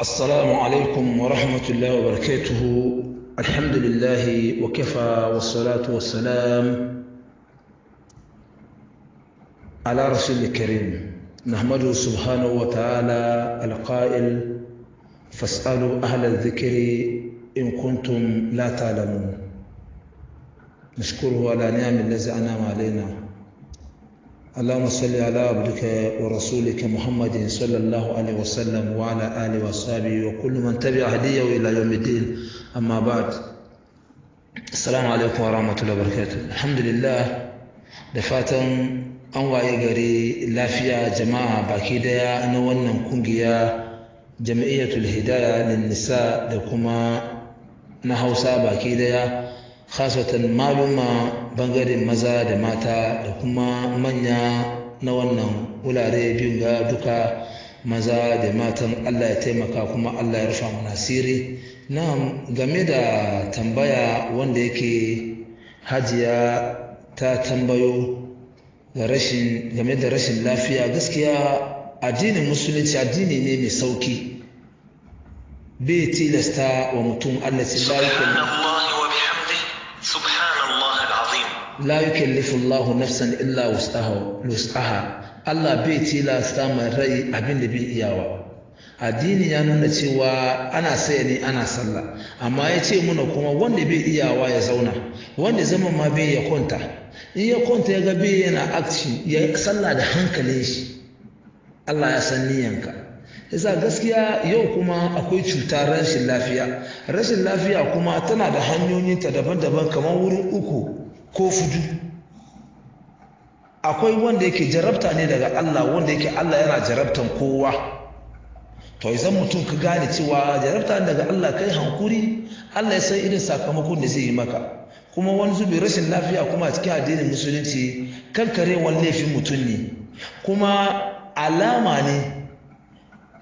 السلام عليكم ورحمة الله وبركاته الحمد لله وكفى والصلاة والسلام على رسول الكريم نحمده سبحانه وتعالى القائل فاسألوا أهل الذكر إن كنتم لا تعلمون نشكره على نعم الذي أنعم علينا اللهم صل على عبدك ورسولك محمد صلى الله عليه وسلم وعلى آله وصحبه وكل من تبع هديه إلى يوم الدين أما بعد السلام عليكم ورحمة الله وبركاته الحمد لله da fatan an waye gari lafiya jama'a baki daya na wannan kungiya jami'atul hidaya lin nisa da kuma na hausa baki daya khasatan maluma bangaren maza da mata da kuma manya na wannan wulare biyun ga duka maza da matan allah ya taimaka kuma allah ya rufa mana na game da tambaya wanda yake hajiya ta tambayo game da rashin lafiya gaskiya addinin musulunci addini ne mai sauki bai tilasta wa mutum allah ya la yukallifullahu nafsan illa wus'aha Allah bai tilasta mai rai abin da bai iyawa addini ya nuna cewa ana saya ne ana sallah amma ya ce muna kuma wanda bai iyawa ya zauna wanda zama ma bai ya kwanta in ya kwanta ya ga bai yana action ya sallah da hankalin shi Allah ya san niyanka yasa gaskiya yau kuma akwai cuta rashin lafiya rashin lafiya kuma tana da hanyoyinta daban-daban kamar wurin uku ko fudu akwai wanda yake jarabta ne daga Allah wanda yake Allah yana jarabtan kowa to idan mutum ka gane cewa jarabta ne daga Allah kai hankuri Allah ya san irin sakamakon da zai yi maka kuma wani zubi rashin lafiya kuma a cikin addinin musulunci wani laifin mutum ne kuma alama ne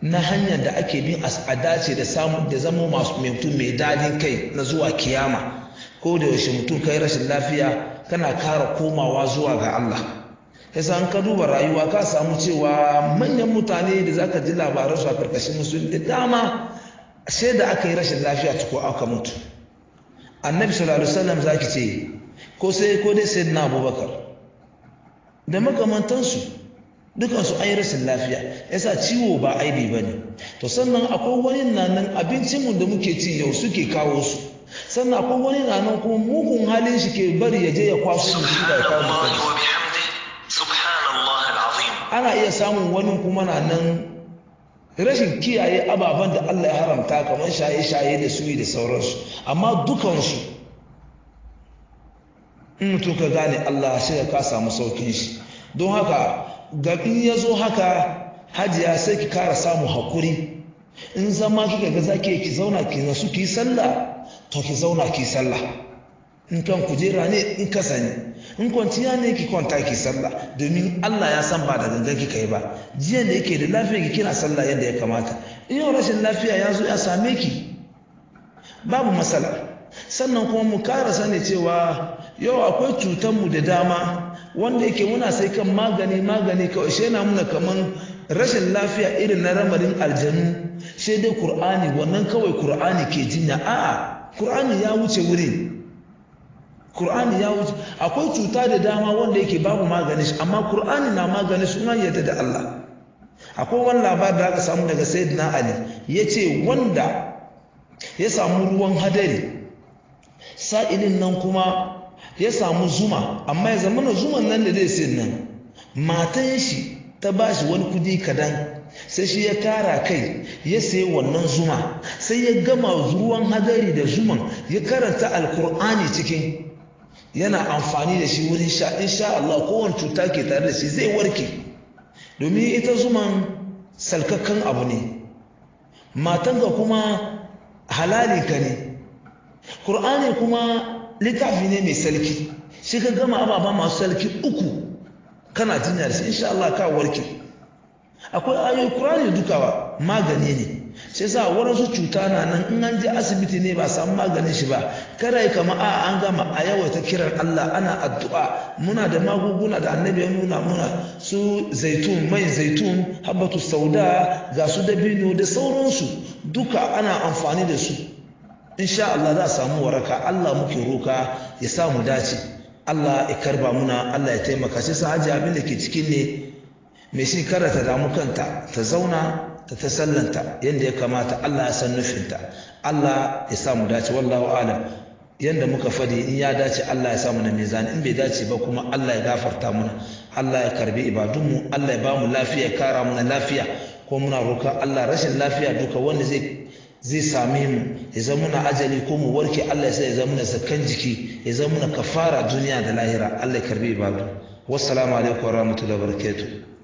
na hanyar da ake bin a dace da samun da zama masu mutum mai dadin kai na zuwa kiyama ko da yaushe mutum kai rashin lafiya kana kara komawa zuwa ga Allah yasa an ka duba rayuwa ka samu cewa manyan mutane da za ka ji labaran su a karkashin musulmi da dama sai da aka yi rashin lafiya ko aka mutu annabi sallallahu alaihi wasallam zaki ce ko sai ko dai na abubakar da makamantansu dukansu an yi rashin lafiya yasa ciwo ba aibi ne to sannan akwai wani nan abincinmu da muke ci yau suke kawo su sannan akwai wani na kuma mugun halin shi ke bari ya je ya kwaso da ya ana iya samun wani kuma na nan rashin kiyaye ababen da Allah ya haramta kamar shaye-shaye da suyi da sauransu amma dukansu in mutum ka gane Allah sai ka samu saukin shi don haka ga in ya zo haka hajiya sai ki kara samu hakuri in zama kika ga zaki ki zauna ki nasu ki sallah to ki zauna ki sallah in kan kujera ne in ka sani in kwanciya ne ki kwanta ki sallah domin Allah ya san ba da gangan ki yi ba jiya da yake da lafiya ki kina sallah yadda ya kamata in yau rashin lafiya ya zo ya same ki babu matsala sannan kuma mu kara sani cewa yau akwai cutar mu da dama wanda yake muna sai kan magani magani kawai shi yana muna kaman rashin lafiya irin na ramarin aljanu sai dai Kur'ani wannan kawai Kur'ani ke jinya a'a ƙur'ani ya wuce wurin ƙur'ani ya wuce akwai cuta da dama wanda yake babu maganin amma ƙur'ani na maganin suna yadda da Allah akwai wani labar da aka samu daga sayyidina ali ya ce wanda ya samu ruwan hadari sa'ilin nan kuma ya samu zuma amma ya zama na zuman nan da zai sin nan matan shi ta ba shi wani kudi kadan sai shi ya tara kai ya sayi wannan zuma sai ya gama ruwan hadari da zuman ya karanta alkur'ani cikin yana amfani da shi wurin sha insha Allah kowane cuta ke tare da shi zai warke domin ita zuman salkakkan abu ne matanka kuma halali ka ne ƙur'ani kuma littafi ne mai salki shi ka gama ababa masu salki uku kana jinya da shi insha Allah ka warke akwai ayoyi kurani dukawa magani ne sai sa waransu cuta na nan in an je asibiti ne ba samu maganin shi ba kada kama a an gama a yawaita kiran Allah ana addu'a muna da magunguna da annabi ya nuna muna su zaitun mai zaitun habbatu sauda ga su dabino da sauransu duka ana amfani da su insha Allah za a samu waraka Allah muke roka ya samu dace Allah ya karba muna Allah ya taimaka sai sa aji abin da ke cikin ne mai kara ta damu kanta ta zauna ta ta sallanta yadda ya kamata Allah ya san nufinta Allah ya samu dace wallahu alam yadda muka fadi in ya dace Allah ya samu na mizani in bai dace ba kuma Allah ya gafarta muna Allah ya karbi ibadunmu Allah ya bamu lafiya ya kara muna lafiya ko muna roƙa Allah rashin lafiya duka wanda zai zai same mu ya zama muna ajali ko mu warke Allah ya sa ya zama muna zakan jiki ya zama muna kafara duniya da lahira Allah ya karbi ibadu wassalamu alaikum warahmatullahi wabarakatuh